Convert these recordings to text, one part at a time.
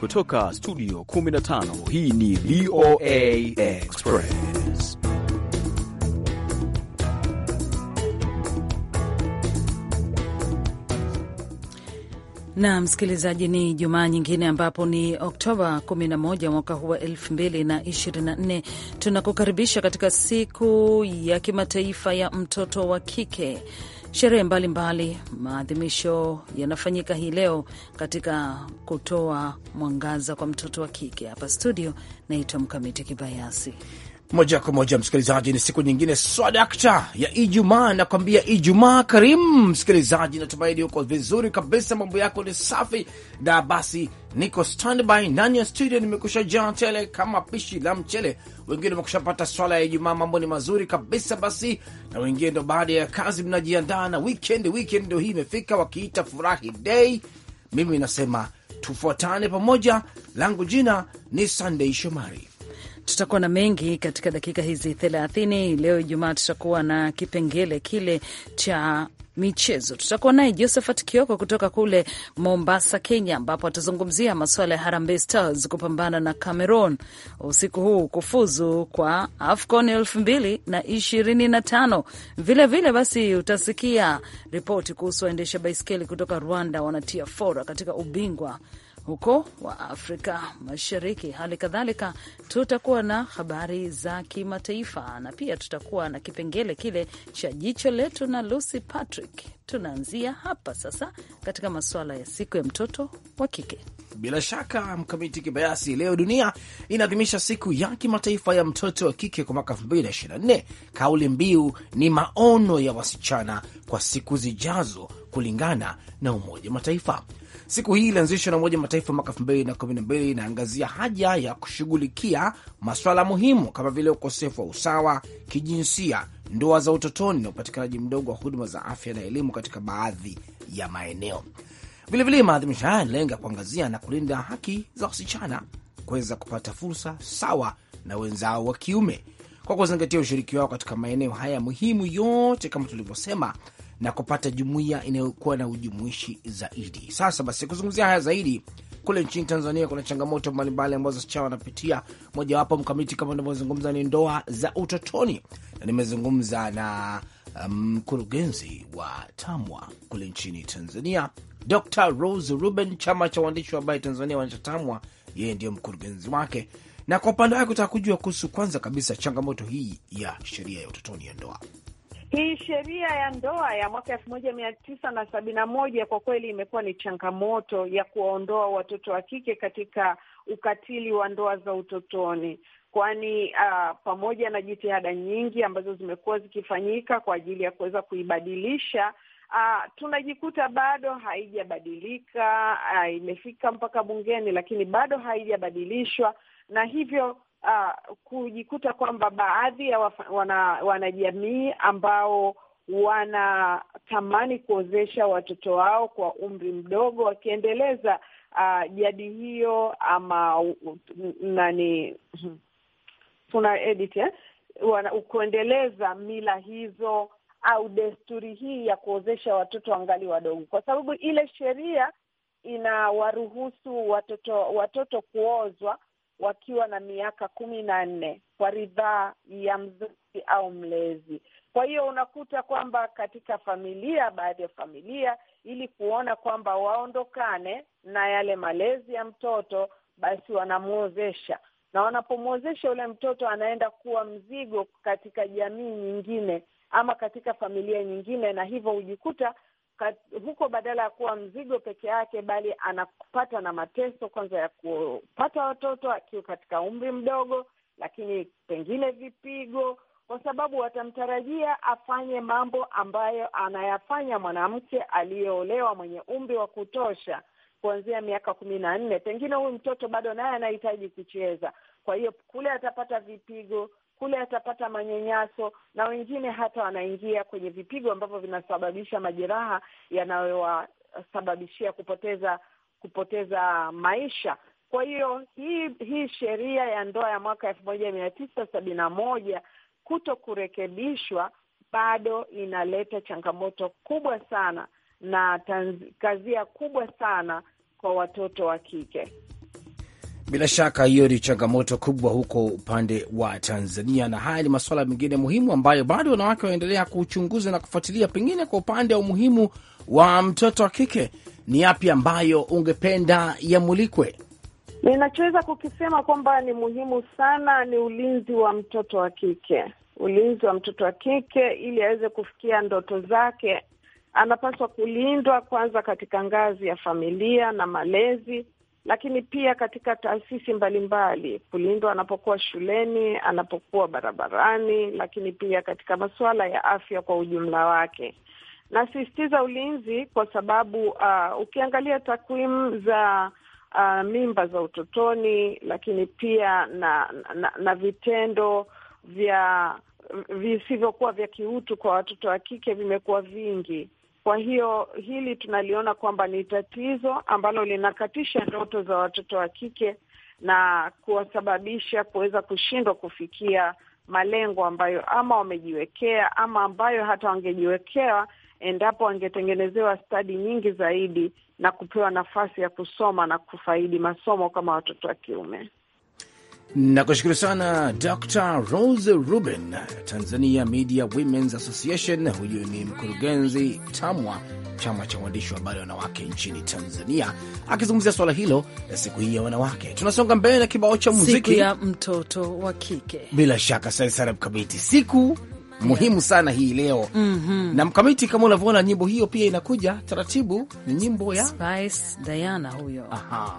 Kutoka studio 15 hii ni VOA Express. na msikilizaji, ni Jumaa nyingine ambapo ni Oktoba 11 mwaka huu wa 2024. Tunakukaribisha katika siku ya kimataifa ya mtoto wa kike Sherehe mbalimbali, maadhimisho yanafanyika hii leo katika kutoa mwangaza kwa mtoto wa kike. Hapa studio naitwa Mkamiti Kibayasi. Moja kwa moja, msikilizaji, ni siku nyingine swadakta ya Ijumaa. Nakwambia Ijumaa karimu, msikilizaji, natumaini uko vizuri kabisa, mambo yako ni safi. Na basi niko standby ndani ya studio, nimekusha jaa tele kama pishi la mchele. Wengine wamekushapata swala ya Ijumaa, mambo ni mazuri kabisa. Basi na wengine ndo baada ya kazi mnajiandaa na weekend. Wikend ndo hii imefika, wakiita furahi dei. Mimi nasema tufuatane pamoja, langu jina ni Sunday Shomari. Tutakuwa na mengi katika dakika hizi thelathini. Leo Ijumaa tutakuwa na kipengele kile cha michezo. Tutakuwa naye Josephat Kioko kutoka kule Mombasa, Kenya, ambapo atazungumzia masuala ya Harambee Stars kupambana na Cameroon usiku huu kufuzu kwa AFCON elfu mbili na ishirini na tano. Vilevile basi utasikia ripoti kuhusu waendesha baiskeli kutoka Rwanda wanatia fora katika ubingwa huko wa Afrika Mashariki. Hali kadhalika tutakuwa na habari za kimataifa na pia tutakuwa na kipengele kile cha jicho letu na Lucy Patrick. Tunaanzia hapa sasa katika masuala ya siku ya mtoto wa kike. Bila shaka Mkamiti Kibayasi, leo dunia inaadhimisha siku ya kimataifa ya mtoto wa kike kwa mwaka 2024. Kauli mbiu ni maono ya wasichana kwa siku zijazo kulingana na Umoja Mataifa. Siku hii ilianzishwa na Umoja Mataifa mwaka mbili inaangazia haja ya kushughulikia maswala muhimu kama vile ukosefu wa usawa kijinsia, ndoa za utotoni na upatikanaji mdogo wa huduma za afya na elimu katika baadhi ya maeneo. Vilevile, maadhimisho haya yanalenga kuangazia na kulinda haki za wasichana kuweza kupata fursa sawa na wenzao wa kiume kwa kuzingatia ushiriki wao katika maeneo haya muhimu yote kama tulivyosema na kupata jumuiya inayokuwa na ujumuishi zaidi. Sasa basi, kuzungumzia haya zaidi, kule nchini Tanzania kuna changamoto mbalimbali ambazo wasichana wanapitia. Mojawapo mkamiti, kama unavyozungumza, ni ndoa za utotoni, na nimezungumza na um, mkurugenzi um, wa TAMWA kule nchini Tanzania, Dr Rose Ruben, chama cha waandishi wa habari Tanzania, wanacha TAMWA, yeye ndiyo mkurugenzi wake, na kwa upande wake utaka kujua kuhusu kwanza kabisa changamoto hii ya sheria ya utotoni ya ndoa. Hii sheria ya ndoa ya mwaka elfu moja mia tisa na sabini na moja kwa kweli imekuwa ni changamoto ya kuwaondoa watoto wa kike katika ukatili wa ndoa za utotoni, kwani uh, pamoja na jitihada nyingi ambazo zimekuwa zikifanyika kwa ajili ya kuweza kuibadilisha Uh, tunajikuta bado haijabadilika. Uh, imefika mpaka bungeni lakini bado haijabadilishwa, na hivyo uh, kujikuta kwamba baadhi ya wanajamii wana ambao wanatamani kuozesha watoto wao kwa umri mdogo wakiendeleza uh, jadi hiyo ama nani tuna edit eh? kuendeleza mila hizo au desturi hii ya kuozesha watoto wangali wadogo, kwa sababu ile sheria inawaruhusu watoto watoto kuozwa wakiwa na miaka kumi na nne kwa ridhaa ya mzazi au mlezi. Kwa hiyo unakuta kwamba katika familia, baadhi ya familia, ili kuona kwamba waondokane na yale malezi ya mtoto, basi wanamwozesha, na wanapomwozesha yule mtoto anaenda kuwa mzigo katika jamii nyingine ama katika familia nyingine, na hivyo hujikuta kat, huko badala ya kuwa mzigo peke yake, bali anapata na mateso kwanza ya kupata watoto akiwa katika umri mdogo, lakini pengine vipigo, kwa sababu watamtarajia afanye mambo ambayo anayafanya mwanamke aliyeolewa mwenye umri wa kutosha kuanzia miaka kumi na nne. Pengine huyu mtoto bado naye anahitaji kucheza, kwa hiyo kule atapata vipigo kule atapata manyanyaso, na wengine hata wanaingia kwenye vipigo ambavyo vinasababisha majeraha yanayowasababishia kupoteza kupoteza maisha. Kwa hiyo hii hii sheria ya ndoa ya mwaka elfu moja mia tisa sabini na moja kuto kurekebishwa bado inaleta changamoto kubwa sana na tanzi, kazia kubwa sana kwa watoto wa kike. Bila shaka hiyo ni changamoto kubwa huko upande wa Tanzania, na haya ni masuala mengine muhimu ambayo bado wanawake wanaendelea kuchunguza na kufuatilia. Pengine kwa upande wa umuhimu wa mtoto wa kike, ni yapi ambayo ungependa yamulikwe? Ninachoweza kukisema kwamba ni muhimu sana ni ulinzi wa mtoto wa kike. Ulinzi wa mtoto wa kike ili aweze kufikia ndoto zake, anapaswa kulindwa kwanza katika ngazi ya familia na malezi lakini pia katika taasisi mbalimbali, kulindwa anapokuwa shuleni, anapokuwa barabarani, lakini pia katika masuala ya afya kwa ujumla wake. Nasisitiza ulinzi kwa sababu uh, ukiangalia takwimu za uh, mimba za utotoni, lakini pia na na, na vitendo vya visivyokuwa vya kiutu kwa watoto wa kike vimekuwa vingi kwa hiyo hili tunaliona kwamba ni tatizo ambalo linakatisha ndoto za watoto wa kike na kuwasababisha kuweza kushindwa kufikia malengo ambayo ama wamejiwekea ama ambayo hata wangejiwekea endapo wangetengenezewa stadi nyingi zaidi na kupewa nafasi ya kusoma na kufaidi masomo kama watoto wa kiume. Nakushukuru sana Dr Rose Ruben, Tanzania Media Women's Association. Huyu ni mkurugenzi TAMWA, chama cha waandishi wa habari wanawake nchini Tanzania, akizungumzia swala hilo la siku hii ya wanawake. Tunasonga mbele na kibao cha muziki, siku ya mtoto wa kike. Bila shaka, asante sana Mkamiti, siku muhimu sana hii leo mm -hmm. Na Mkamiti, kama unavyoona, nyimbo hiyo pia inakuja taratibu, ni nyimbo ya Spice Diana huyo. Aha,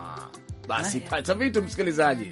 basi pata vitu msikilizaji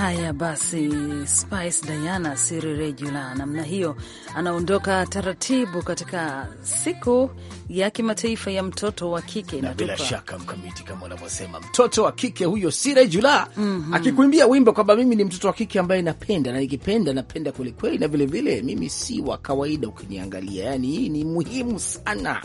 Haya basi, Spice Diana Siri Regula namna hiyo anaondoka taratibu katika siku ya kimataifa ya mtoto wa kike, na bila shaka mkamiti, kama unavyosema mtoto wa kike huyo si Regula mm -hmm. akikuimbia wimbo kwamba mimi ni mtoto wa kike ambaye napenda na ikipenda napenda kwelikweli, na vilevile mimi si wa kawaida ukiniangalia, yani hii ni muhimu sana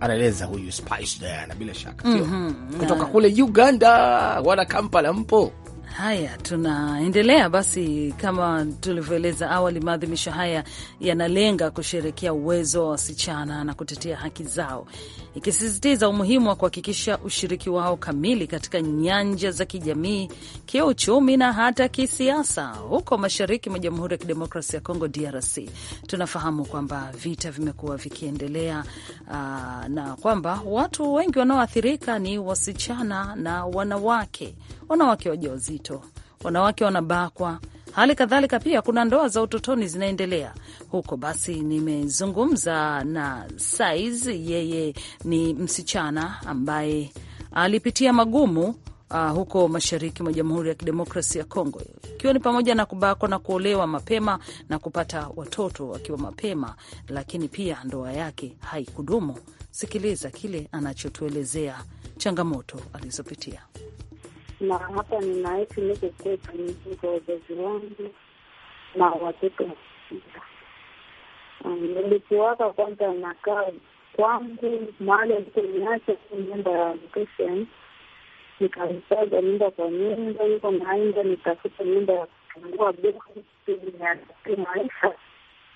anaeleza huyu Spice Diana bila shaka mm -hmm. kutoka kule Uganda, wana Kampala mpo Haya, tunaendelea basi. Kama tulivyoeleza awali, maadhimisho haya yanalenga kusherekea uwezo wa wasichana na kutetea haki zao, ikisisitiza umuhimu wa kuhakikisha ushiriki wao kamili katika nyanja za kijamii, kiuchumi na hata kisiasa. Huko mashariki mwa Jamhuri ya Kidemokrasia ya Kongo, DRC, tunafahamu kwamba vita vimekuwa vikiendelea ah, na kwamba watu wengi wanaoathirika ni wasichana na wanawake, wanawake wajawazito ujauzito, wanawake wanabakwa, hali kadhalika pia kuna ndoa za utotoni zinaendelea huko. Basi nimezungumza na Saiz, yeye ni msichana ambaye alipitia magumu Uh, huko mashariki mwa Jamhuri ya Kidemokrasi ya Kongo, ikiwa ni pamoja na kubakwa na kuolewa mapema na kupata watoto wakiwa mapema, lakini pia ndoa yake haikudumu. Sikiliza kile anachotuelezea changamoto alizopitia na hapa ninaishi niko kwetu, niko wazazi wangu na watoto sita. Um, Nilikiwaka kwanza nakaa kwangu mahali aliponiacha nyumba ya location, nikaisaza nyumba kwa nyumba, niko naenda nitafuta nyumba ya kufungua maisha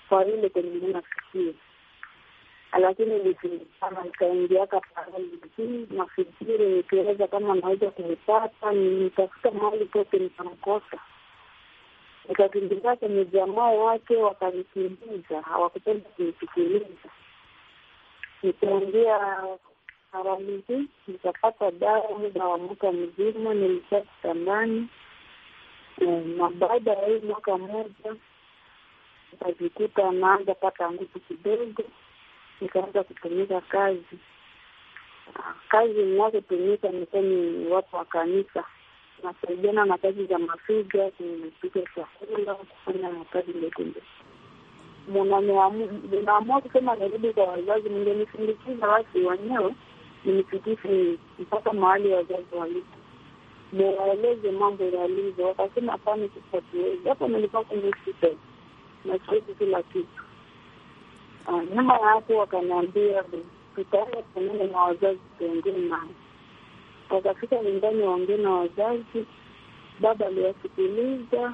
kwa ile kwenye nafikia lakini nilisimama nikaingia kafaii, nafikiri nikiweza kama naweza kuipata, nitafuta mahali pote nikamkosa. Nikakimbiza kwenye jamaa wake, wakanikimbiza, hawakupenda kunisikiliza. Nikaingia paralizi, nikapata dawa muda wa mwaka mzima, nilikaa kitandani eh, na baada ya hii mwaka mmoja nikajikuta naanza pata nguvu kidogo nikaanza kutumika kazi. Kazi ninazotumika nika ni watu wa kanisa, nasaidiana na kazi za mafiga, kupika chakula, kufanya kazi ndogondogo. Ninaamua kusema narudi kwa wazazi, mngenisindikiza wasi wenyewe nimfikishe mpaka mahali wazazi walipo niwaeleze mambo yalivyo. Wakasema hapana, sasa siwezi. Hapo nilikuwa kwenye hospitali na siwezi kila kitu Ah, nyuma ya hapo wakaniambia tutaenda tuonane na wazazi, tuongee nao. Wakafika nyumbani, waongee na wazazi. Baba aliwasikiliza,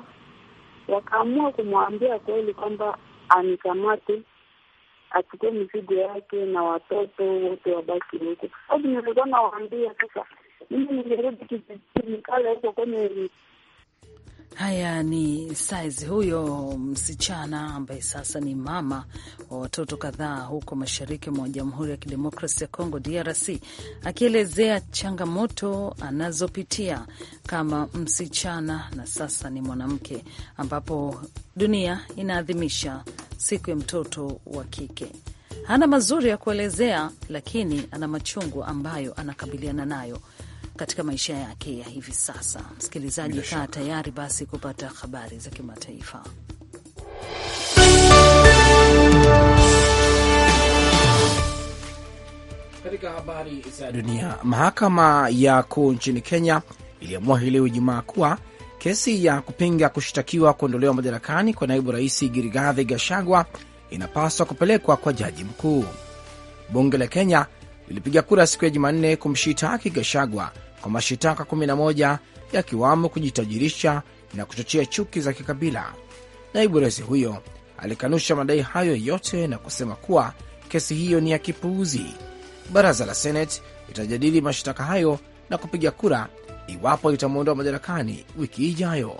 wakaamua kumwambia kweli kwamba anikamate achukue mizigo yake na watoto wote wabaki huko, kwa sababu nilikuwa nawaambia sasa, mimi nilirudi kijijini, kale huko kwenye Haya ni Saizi, huyo msichana ambaye sasa ni mama wa watoto kadhaa huko mashariki mwa Jamhuri ya Kidemokrasi ya Kongo, DRC, akielezea changamoto anazopitia kama msichana na sasa ni mwanamke, ambapo dunia inaadhimisha siku ya mtoto wa kike. Hana mazuri ya kuelezea, lakini ana machungu ambayo anakabiliana nayo katika maisha yake ya hivi sasa. Msikilizaji, kaa tayari basi kupata habari za kimataifa. Katika habari za dunia, mahakama ya kuu nchini Kenya iliamua hii leo Ijumaa kuwa kesi ya kupinga kushtakiwa kuondolewa madarakani kwa naibu rais Girigadhi Gashagwa inapaswa kupelekwa kwa jaji mkuu. Bunge la Kenya lilipiga kura siku ya Jumanne kumshitaki Gashagwa kwa mashitaka 11 yakiwamo kujitajirisha na kuchochea chuki za kikabila. Naibu rais huyo alikanusha madai hayo yote na kusema kuwa kesi hiyo ni ya kipuuzi. Baraza la Seneti litajadili mashitaka hayo na kupiga kura iwapo litamwondoa madarakani wiki ijayo.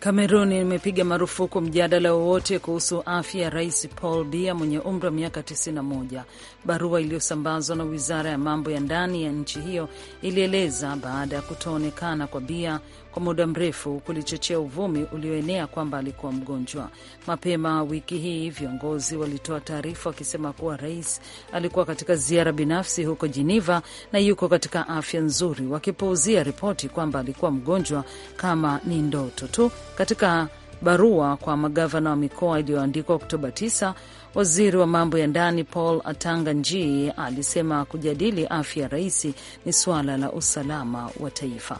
Kamerun imepiga marufuku mjadala wowote kuhusu afya ya rais Paul bia mwenye umri wa miaka 91 Barua iliyosambazwa na wizara ya mambo ya ndani ya nchi hiyo ilieleza baada ya kutoonekana kwa Bia kwa muda mrefu kulichochea uvumi ulioenea kwamba alikuwa mgonjwa. Mapema wiki hii viongozi walitoa taarifa wakisema kuwa rais alikuwa katika ziara binafsi huko Geneva na yuko katika afya nzuri, wakipuuzia ripoti kwamba alikuwa mgonjwa kama ni ndoto tu katika barua kwa magavana wa mikoa iliyoandikwa Oktoba 9. Waziri wa mambo ya ndani Paul Atanga Nji alisema kujadili afya ya rais ni suala la usalama wa taifa.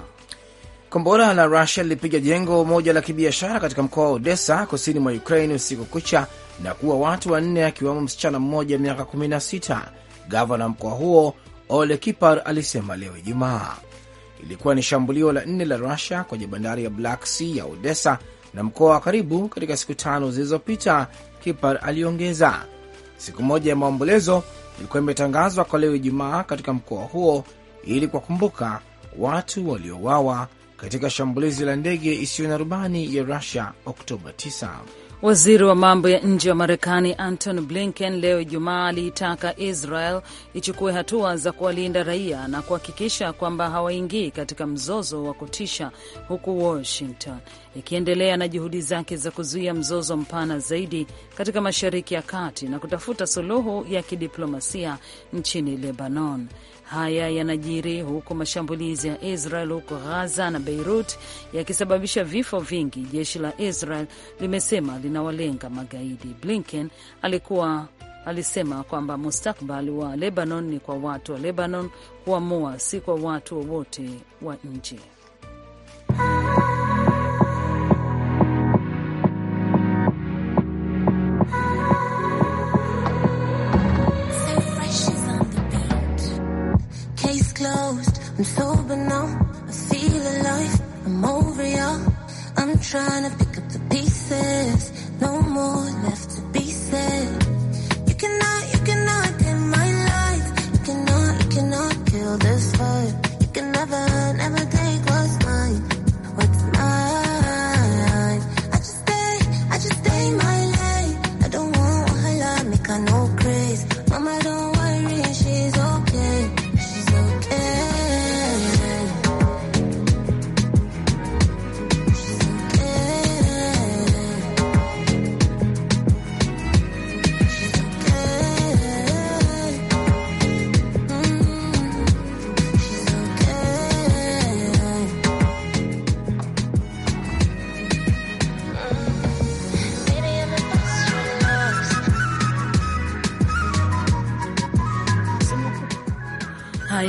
Kombora la Rusia lilipiga jengo moja la kibiashara katika mkoa wa Odessa kusini mwa Ukraine usiku kucha na kuwa watu wanne akiwemo msichana mmoja miaka 16. Gavana mkoa huo Ole Kipar alisema leo Ijumaa ilikuwa ni shambulio la nne la Rusia kwenye bandari ya Black Sea ya Odessa na mkoa wa karibu katika siku tano zilizopita, Kipar aliongeza. Siku moja ya maombolezo ilikuwa imetangazwa kwa leo Ijumaa katika mkoa huo ili kuwakumbuka watu waliowawa katika shambulizi la ndege isiyo na rubani ya Rusia Oktoba 9. Waziri wa mambo ya nje wa Marekani anton Blinken leo Ijumaa aliitaka Israel ichukue hatua za kuwalinda raia na kuhakikisha kwamba hawaingii katika mzozo wa kutisha, huku Washington ikiendelea na juhudi zake za kuzuia mzozo mpana zaidi katika Mashariki ya Kati na kutafuta suluhu ya kidiplomasia nchini Lebanon. Haya yanajiri huku mashambulizi ya Israel huko Ghaza na Beirut yakisababisha vifo vingi, jeshi la Israel limesema linawalenga magaidi. Blinken alikuwa alisema kwamba mustakbali wa Lebanon ni kwa watu wa Lebanon kuamua, si kwa watu wowote wa, wa nje. I'm sober now, I feel alive. I'm over you. I'm trying to pick up the pieces.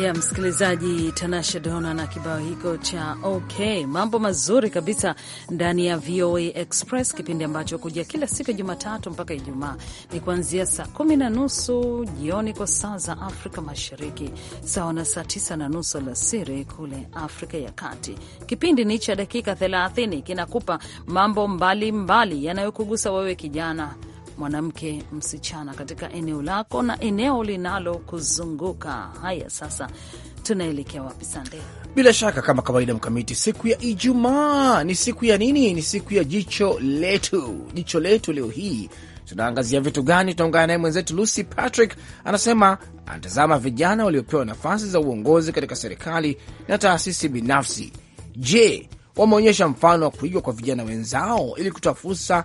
Haya msikilizaji, Tanasha Dona na kibao hiko cha OK. Mambo mazuri kabisa ndani ya VOA Express, kipindi ambacho kuja kila siku ya Jumatatu mpaka Ijumaa ni kuanzia saa kumi na nusu jioni kwa saa za Afrika Mashariki, sawa na saa tisa na nusu alasiri kule Afrika ya Kati. Kipindi ni cha dakika thelathini, kinakupa mambo mbalimbali yanayokugusa wewe kijana mwanamke, msichana katika eneo lako na eneo linalokuzunguka. Haya, sasa tunaelekea wapi Sande? Bila shaka kama kawaida, Mkamiti, siku ya Ijumaa ni siku ya nini? Ni siku ya jicho letu. Jicho letu leo hii tunaangazia vitu gani? Tunaungana naye mwenzetu Lucy Patrick, anasema anatazama vijana waliopewa nafasi za uongozi katika serikali na taasisi binafsi. Je, wameonyesha mfano wa kuigwa kwa vijana wenzao ili kutoa fursa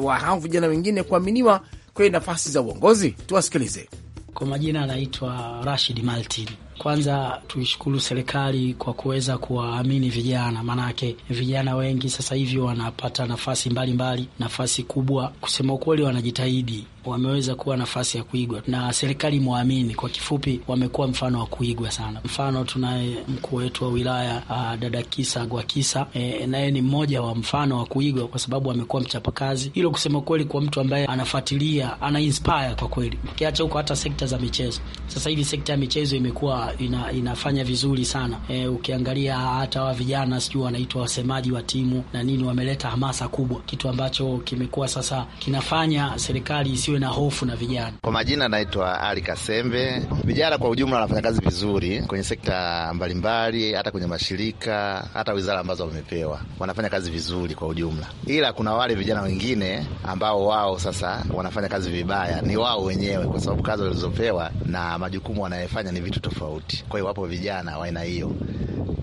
wa hao vijana wengine kuaminiwa kwenye nafasi za uongozi? Tuwasikilize. Kwa majina anaitwa Rashid Maltin. Kwanza tuishukuru serikali kwa kuweza kuwaamini vijana, maanake vijana wengi sasa hivi wanapata nafasi mbalimbali mbali, nafasi kubwa, kusema ukweli wanajitahidi wameweza kuwa nafasi ya kuigwa na serikali mwamini. Kwa kifupi, wamekuwa mfano wa kuigwa sana. Mfano, tunaye mkuu wetu wa wilaya a, ah, dada Kisa Gwakisa e, naye ni mmoja wa mfano wa kuigwa kwa sababu amekuwa mchapakazi. Hilo kusema kweli, kwa mtu ambaye anafuatilia ana inspire kwa kweli, kiacha huko hata sekta za michezo. Sasa hivi sekta ya michezo imekuwa ina, inafanya vizuri sana e, ukiangalia hata wa vijana sijui wanaitwa wasemaji wa timu na nini, wameleta hamasa kubwa, kitu ambacho kimekuwa sasa kinafanya serikali isiwe tusiwe na hofu na vijana. Kwa majina naitwa Ali Kasembe. Vijana kwa ujumla wanafanya kazi vizuri kwenye sekta mbalimbali, hata kwenye mashirika, hata wizara ambazo wamepewa, wanafanya kazi vizuri kwa ujumla, ila kuna wale vijana wengine ambao wao sasa wanafanya kazi vibaya, ni wao wenyewe, kwa sababu kazi walizopewa na majukumu wanayofanya ni vitu tofauti. Kwa hiyo wapo vijana wa aina hiyo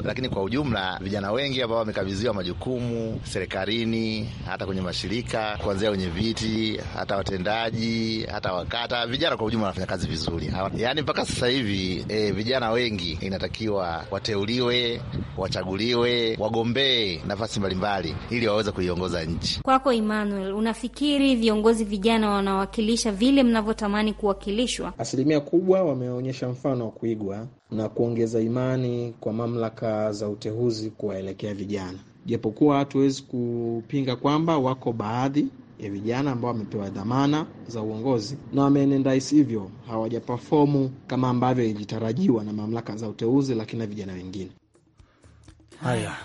lakini kwa ujumla vijana wengi ambao wamekabidhiwa majukumu serikalini, hata kwenye mashirika, kuanzia wenye viti, hata watendaji, hata wakata, vijana kwa ujumla wanafanya kazi vizuri. Yaani mpaka sasa hivi e, vijana wengi inatakiwa wateuliwe, wachaguliwe, wagombee nafasi mbalimbali ili waweze kuiongoza nchi. Kwako Emmanuel, unafikiri viongozi vijana wanawakilisha vile mnavyotamani kuwakilishwa? Asilimia kubwa wameonyesha mfano wa kuigwa na kuongeza imani kwa mamlaka za uteuzi kuwaelekea vijana, japokuwa hatuwezi kupinga kwamba wako baadhi ya vijana ambao wamepewa dhamana za uongozi na wameenendahisi hivyo hawajapafomu kama ambavyo ilitarajiwa na mamlaka za uteuzi, lakini na vijana wengine. Haya,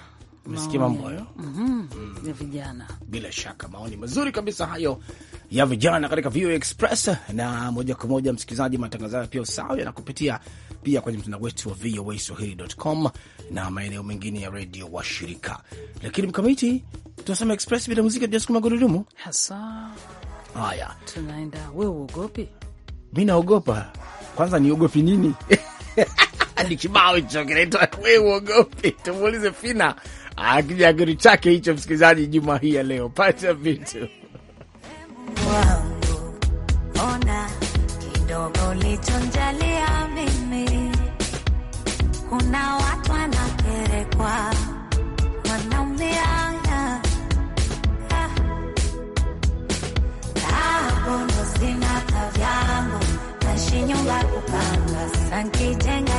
umesikia mambo hayo mhm. mm. ya vijana, bila shaka maoni mazuri kabisa hayo ya vijana katika VOA Express na moja kwa moja, msikilizaji, matangazo hayo pia usahau yanakupitia pia kwenye mtandao wetu wa VOA Swahili.com na maeneo mengine ya redio wa shirika. Lakini mkamiti, tunasema express bila muziki tujasukuma gurudumu hasa. Haya, tunaenda. Wewe uogopi? Mi naogopa. Kwanza niogopi nini? ni kibao hicho kinaitwa we uogopi. Tumuulize Fina akija kitu chake hicho, msikilizaji, juma hii ya leo pata vitu wangu, ona kidogo lichonjalia mimi. Kuna watu wanakerekwa, wanaumiana ah. abono sina kavyangu naishi nyumba kupanga sankijeng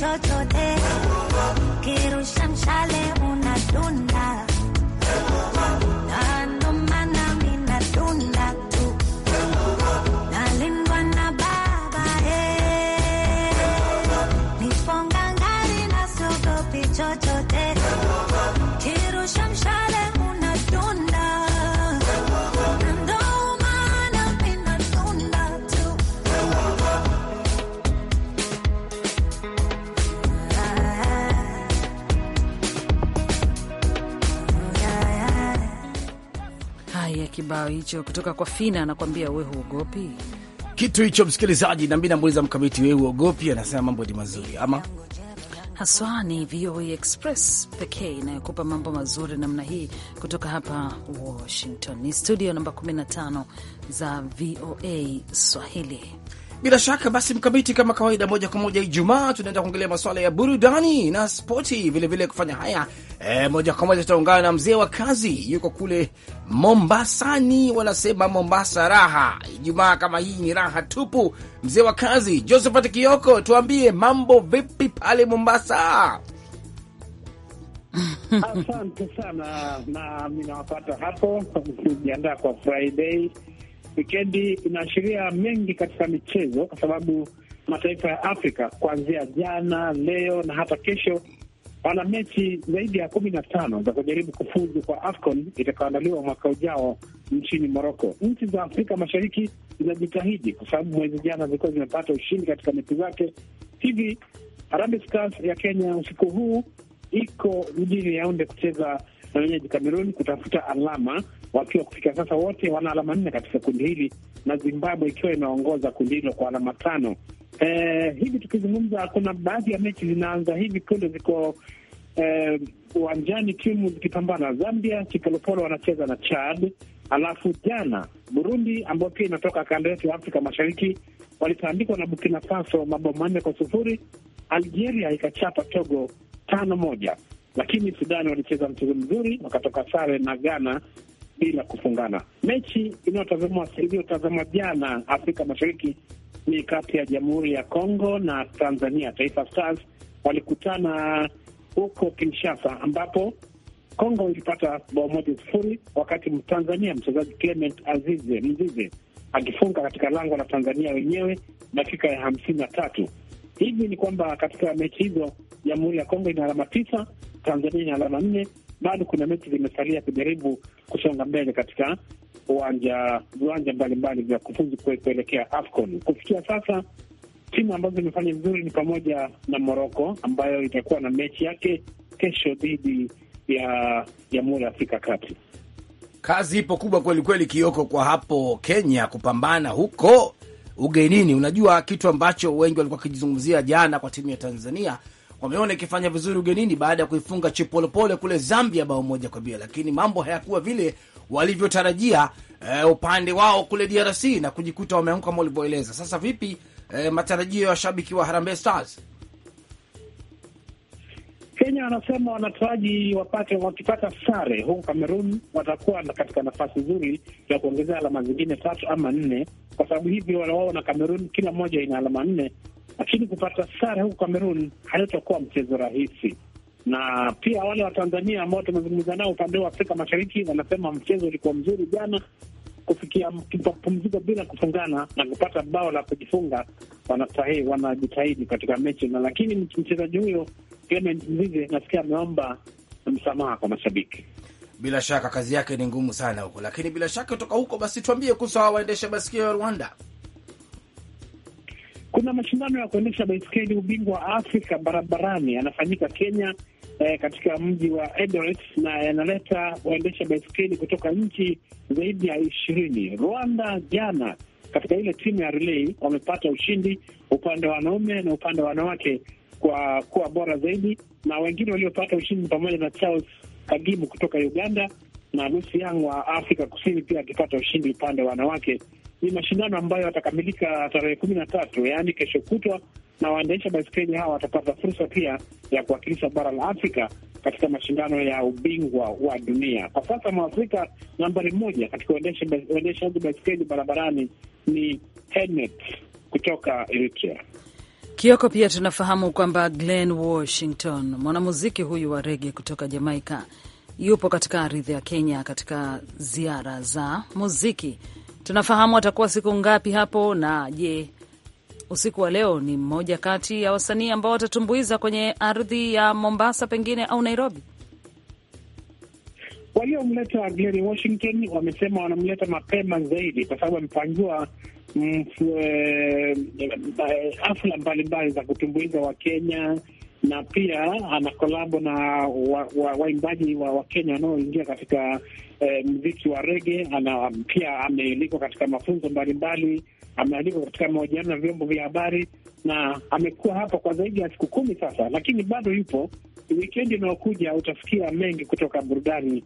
chochote, kirusha mshale una dunda kibao hicho kutoka kwa Fina, anakuambia we huogopi kitu hicho. Msikilizaji, nami namuuliza Mkamiti, we huogopi? Anasema mambo ni mazuri ama haswa ni VOA Express pekee inayokupa mambo mazuri namna hii kutoka hapa Washington. Ni studio namba 15 za VOA Swahili. Bila shaka basi, Mkamiti, kama kawaida, moja kwa moja Ijumaa tunaenda kuongelea masuala ya burudani na spoti vilevile. Vile kufanya haya e, moja kwa moja tutaungana na mzee wa kazi, yuko kule Mombasani, wanasema Mombasa raha. Ijumaa kama hii ni raha tupu. Mzee wa kazi Josephat Kioko, tuambie mambo vipi pale Mombasa? Asante sana, nami nawapata hapo nikijiandaa kwa Friday wikendi inaashiria mengi katika michezo, kwa sababu mataifa ya Afrika kuanzia jana, leo na hata kesho wana mechi zaidi ya kumi na tano za kujaribu kufuzu kwa AFCON itakaoandaliwa mwaka ujao nchini Moroko. Nchi za Afrika Mashariki zinajitahidi kwa sababu mwezi jana zilikuwa zimepata ushindi katika mechi zake. Hivi Harambee Stars ya Kenya usiku huu iko mjini Yaunde kucheza na wenyeji Kameruni kutafuta alama wakiwa kufika sasa wote wana alama nne katika kundi hili na Zimbabwe ikiwa imeongoza kundi hilo kwa alama tano. Eh, hivi tukizungumza, kuna baadhi ya mechi zinaanza hivi punde, ziko eh, uwanjani, eh, timu zikipambana. Zambia Chipolopolo wanacheza na Chad, alafu jana Burundi ambayo pia inatoka kanda yetu ya Afrika Mashariki walitandikwa na Burkina Faso mabao manne kwa sufuri. Algeria ikachapa Togo tano moja, lakini Sudani walicheza mchezo mzuri wakatoka sare na Ghana bila kufungana. Mechi iliyotazamwa jana Afrika Mashariki ni kati ya Jamhuri ya Kongo na Tanzania. Taifa Stars walikutana huko Kinshasa, ambapo Kongo ilipata bao moja sufuri wakati Mtanzania mchezaji Clement Azize Mzize akifunga katika lango la Tanzania wenyewe dakika ya hamsini na tatu. Hivi ni kwamba katika mechi hizo Jamhuri ya Kongo ina alama tisa, Tanzania ina alama nne. Bado kuna mechi zimesalia kujaribu kusonga mbele katika uwanja viwanja mbalimbali vya kufuzu kuelekea AFCON. Kufikia sasa timu ambazo zimefanya vizuri ni pamoja na Moroko ambayo itakuwa na mechi yake kesho dhidi ya Jamhuri ya Afrika Kati. Kazi ipo kubwa kweli kweli, Kioko, kwa hapo Kenya kupambana huko ugenini. Unajua kitu ambacho wengi walikuwa wakijizungumzia jana kwa timu ya Tanzania wameona ikifanya vizuri ugenini baada ya kuifunga Chipolopolo kule Zambia bao moja kwa bila, lakini mambo hayakuwa vile walivyotarajia eh, upande wao kule DRC na kujikuta wameanguka kama walivyoeleza. Sasa vipi eh, matarajio ya washabiki wa Harambee Stars? Kenya wanasema wanataraji wapate, wakipata sare huku Kamerun watakuwa katika nafasi nzuri ya kuongezea alama zingine tatu ama nne, kwa sababu hivyo wao na Kamerun kila moja ina alama nne, lakini kupata sare huku Kamerun halitakuwa mchezo rahisi. Na pia wale wa tanzania ambao tumezungumza nao upande wa Afrika Mashariki wanasema mchezo ulikuwa mzuri jana kufikia mapumziko bila kufungana na kupata bao la kujifunga. Wanastahili, wanajitahidi katika mechi na, lakini mchezaji huyo Clement Mzize nasikia ameomba msamaha kwa mashabiki. Bila shaka kazi yake ni ngumu sana huko, lakini bila shaka kutoka huko, basi tuambie kuhusu hawa waendesha basikio ya Rwanda. Kuna mashindano ya kuendesha baiskeli ubingwa wa Afrika barabarani yanafanyika Kenya, eh, katika mji wa Eldoret na yanaleta waendesha baiskeli kutoka nchi zaidi ya ishirini. Rwanda jana katika ile timu ya relay wamepata ushindi upande wa wanaume na upande wa wanawake kwa kuwa bora zaidi, na wengine waliopata ushindi pamoja na Charles Kagibu kutoka Uganda na Lusi Yang wa Afrika Kusini pia akipata ushindi upande wa wanawake ni mashindano ambayo yatakamilika tarehe kumi na tatu yaani kesho kutwa, na waendesha baiskeli hawa watapata fursa pia ya kuwakilisha bara la Afrika katika mashindano ya ubingwa wa dunia. Kwa sasa Mwafrika nambari moja katika uendeshaji baiskeli barabarani ni Hennet kutoka Eritrea. Kioko, pia tunafahamu kwamba Glen Washington, mwanamuziki huyu wa rege kutoka jamaika yupo katika ardhi ya Kenya katika ziara za muziki Tunafahamu atakuwa siku ngapi hapo, na je, usiku wa leo ni mmoja kati ya wasanii ambao watatumbuiza kwenye ardhi ya Mombasa pengine au Nairobi? Waliomleta Glenn Washington wamesema wanamleta mapema zaidi kwa sababu amepangiwa mm, eh, eh, eh, hafla mbalimbali za kutumbuiza Wakenya na pia ana kolabo na waimbaji wa, wa, wa Kenya wanaoingia katika eh, mziki wa rege. Ana pia amealikwa katika mafunzo mbalimbali, amealikwa katika mahojiano na vyombo vya habari, na amekuwa hapa kwa zaidi ya siku kumi sasa, lakini bado yupo. Wikendi inayokuja utasikia mengi kutoka burudani,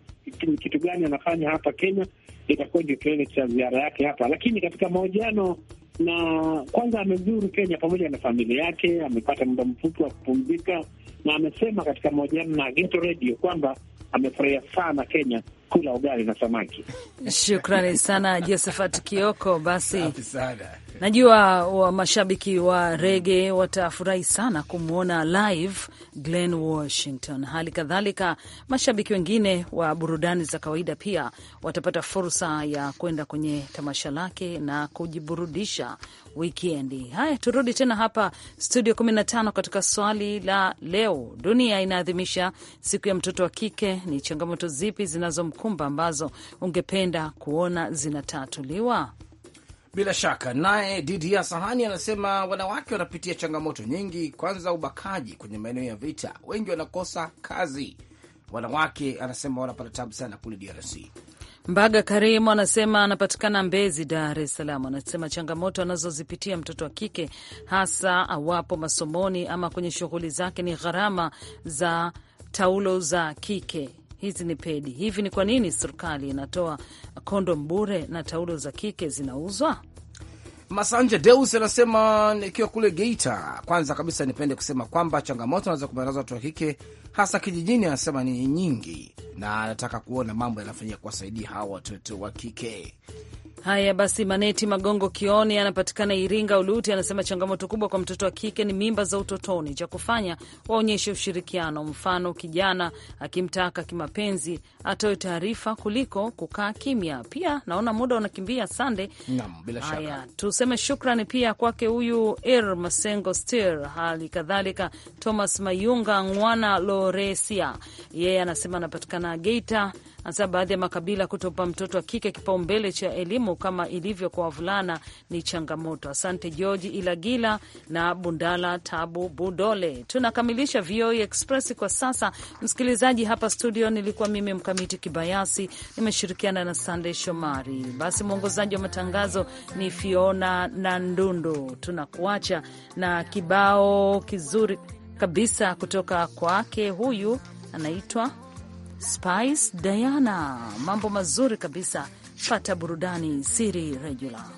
kitu gani anafanya hapa Kenya, itakuwa ndio kilele cha ziara yake hapa, lakini katika mahojiano na kwanza amezuru Kenya pamoja na familia yake, amepata muda mfupi wa kupumzika, na amesema katika mahojiano na Gito Radio kwamba amefurahia sana Kenya kula ugali na samaki. Shukrani sana Josephat Kioko. Basi sana. Najua wa mashabiki wa rege watafurahi sana kumwona live Glen Washington. Hali kadhalika mashabiki wengine wa burudani za kawaida pia watapata fursa ya kwenda kwenye tamasha lake na kujiburudisha wikendi. Haya, turudi tena hapa studio 15 katika swali la leo. Dunia inaadhimisha siku ya mtoto wa kike. Ni changamoto zipi zinazomkumba ambazo ungependa kuona zinatatuliwa? Bila shaka. Naye Didia Sahani anasema wanawake wanapitia changamoto nyingi, kwanza ubakaji kwenye maeneo ya vita, wengi wanakosa kazi. Wanawake anasema wanapata tabu sana kule DRC. Mbaga Karimu anasema anapatikana Mbezi, Dar es Salaam. Anasema changamoto anazozipitia mtoto wa kike, hasa awapo masomoni ama kwenye shughuli zake, ni gharama za taulo za kike hizi ni pedi. Hivi ni kwa nini serikali inatoa kondom bure na taulo za kike zinauzwa? Masanja Deus anasema nikiwa kule Geita. Kwanza kabisa, nipende kusema kwamba changamoto anazokumbana nazo watu wa kike hasa kijijini, anasema ni nyingi, na anataka kuona mambo yanafanyia kuwasaidia hawa watoto wa kike. Haya basi, Maneti Magongo kioni anapatikana Iringa Uluti anasema changamoto kubwa kwa mtoto wa kike ni mimba za utotoni. Cha kufanya waonyeshe ushirikiano, mfano kijana akimtaka kimapenzi atoe taarifa kuliko kukaa kimya. Pia naona muda unakimbia, sande. Haya, tuseme shukrani pia kwake huyu Er Masengo Stir, hali kadhalika Thomas Mayunga Ngwana Loresia, yeye anasema anapatikana Geita hasa baadhi ya makabila kutopa mtoto wa kike kipaumbele cha elimu kama ilivyo kwa wavulana ni changamoto. Asante George Ilagila na Bundala Tabu Budole. Tunakamilisha VOA e Express kwa sasa, msikilizaji. Hapa studio nilikuwa mimi Mkamiti Kibayasi, nimeshirikiana na Sandey Shomari. Basi mwongozaji wa matangazo ni Fiona na Ndundu. Tunakuacha na kibao kizuri kabisa kutoka kwake, huyu anaitwa Spice Diana, mambo mazuri kabisa. Pata burudani siri regular